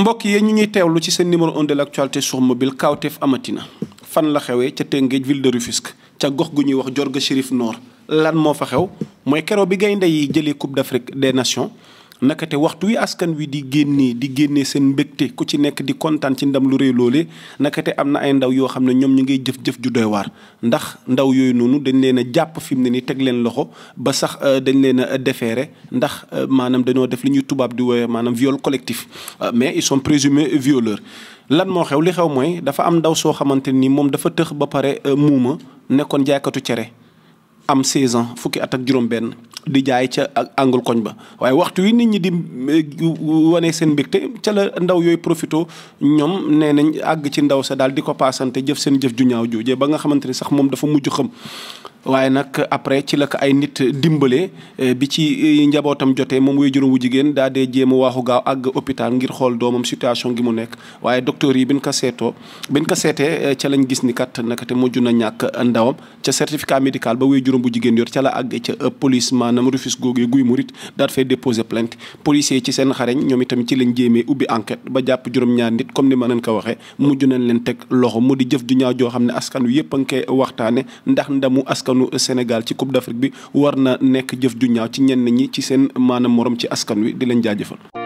mbokk yi ñu ñuy teewlu ci seen numéro 1 de l' actualité sur amatina fan la xewee ca Tëngéej ville de Rufisque ca gox gu ñuy wax Jorga Chérif Nord lan moo fa xew mooy kero bi gaynde yi jëlee Coupe d' Afrique des Nations nakate waxtu wi askan wi di génnee di génnee seen mbégte ku ci nekk di kontaan ci ndam lu rëy loole nakate am na ay ndaw yoo xam ne ñoom ñu ngay jëf-jëf ju doy waar ndax ndaw yooyu noonu dañ leen a jàpp fi mu ne ni teg leen loxo ba sax euh, dañ leen a defeere ndax euh, maanaam dañoo def li ñuy tubaab di woowee maanaam viole collectif euh, mais ils sont présumés violeur lan moo xew li xew mooy dafa am ndaw soo xamante nii moom dafa tëx ba pare muuma nekkoon jaaykatu cere am 16 ans fukki at ak juróom-benn di jaay ca angul koñ ba waaye waxtu wi nit ñi di eh, wane seen mbégte ca la ndaw yooyu profito ñoom nee nañ àgg ci ndaw sa daal di ko paasante jëf seen jëf ju ñaaw joojee ba nga xamante ne sax moom dafa mujj xam. waaye nag après ci la ko ay nit dimbale eh, bi ci eh, njabootam jotee moom woy juróom wu jigéen daa dee jéem waaxu gaaw àgg hôpital ngir xool doomam situation gi mu nekk waaye docteur yi bin ko seetoo bin ko seetee ca lañ gis ni kat naka te na ñàkk ndawam bu jigéen yor ca la àgg ca police maanaam Rufisque googee guy murit daat fay déposé plainte policiers ci seen xareñ ñoom itam ci lañ jéemee ubbi enquête ba jàpp juróom-ñaar nit comme ni ma leen ko waxee mujj nañ leen teg loxo mu di jëf ju ñaaw joo xam ne askan wi yëpp a ngi koy waxtaane ndax ndamu askanu Sénégal ci Coupe d'Afrique bi war na nekk jëf ju ñaaw ci ñenn ñi ci seen maanaam morom ci askan wi di leen jaajëfal